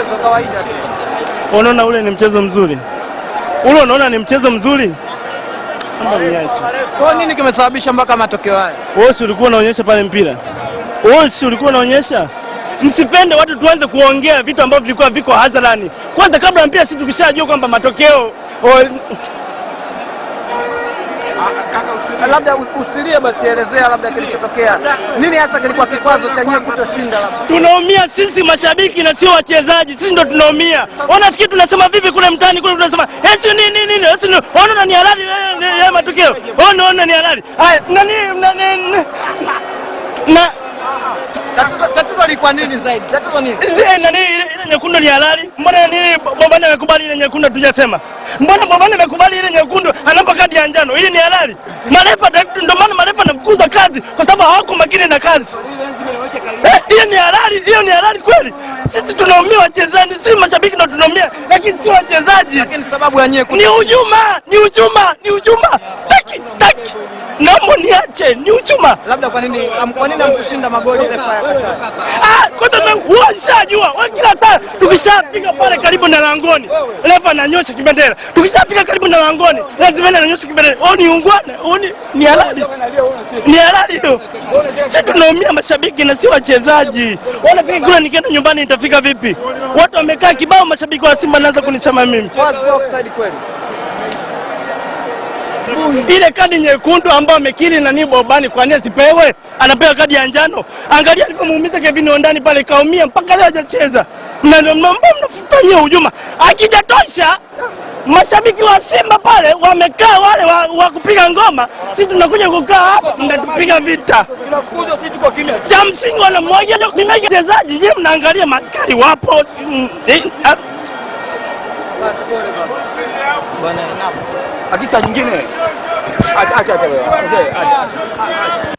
mchezo kawaida tu. Unaona ule ni mchezo mzuri ule, unaona ni mchezo mzuri. Kwa nini kimesababisha mpaka matokeo haya? Wewe si ulikuwa unaonyesha pale mpira, wewe si ulikuwa unaonyesha Msipende watu tuanze kuongea vitu ambavyo vilikuwa viko hadharani. Kwanza kabla ya mpira, sisi tukishajua kwamba matokeo oh, labda usilie basi, elezea labda kilichotokea, nini hasa kilikuwa kikwazo cha nyie kutoshinda? Labda tunaumia sisi mashabiki na sio wachezaji, sisi ndo tunaumia. Wanafikiri tunasema vipi kule mtaani kule, tunasema esi eh, nini nini, esi ona ni halali ya eh, eh, matukio ona ona ni halali haya nani na tatizo, tatizo lilikuwa nini zaidi? Tatizo nini? Nani nyekundu ni halali? Mbona nini Bovani amekubali ile nyekundu tujasema? Mbona Bovani amekubali ile nyekundu anapo kadi ya njano? Ili ni halali? Marefa ndio maana marefa anafukuza kazi kwa sababu hawako makini na kazi. Eh, hiyo ni halali, hiyo ni halali kweli? Sisi tunaumia wachezaji, si mashabiki ndio tunaumia, lakini si wachezaji. Lakini sababu ya nyekundu ni hujuma, ni hujuma, ni hujuma. Staki, staki. Naomba niache, ni hujuma. Labda kwa nini kwa nini amkushinda magoli ile kwa Qatar? Ah, kwa sababu hata tukishafika pale karibu na langoni, refa ananyosha kibendera. Tukishafika karibu na langoni, lazima ananyosha kibendera. Wao ni ungwana, wao ni halali, ni halali hiyo. Sisi tunaumia mashabiki na si wachezaji. Wanafikiri kule nikienda nyumbani nitafika vipi? Watu wamekaa kibao, mashabiki wa Simba wanaanza kunisema mimi ile kadi nyekundu ambayo amekiri nani Bobani, kwa nini asipewe? Anapewa kadi ya njano. Angalia alivyomuumiza Kevin Ondani pale, kaumia mpaka leo hajacheza. Na ndio mambo mnafanyia hujuma. Akijatosha, mashabiki wa Simba pale wamekaa wale wa, wa kupiga ngoma, sisi tunakuja kukaa hapa mnatupiga vita. Cha msingi wanamwagia mchezaji. je, mnaangalia makali wapo? Mm, eh, ah. Bwana enough. Akisa nyingine. Acha acha acha. Acha acha.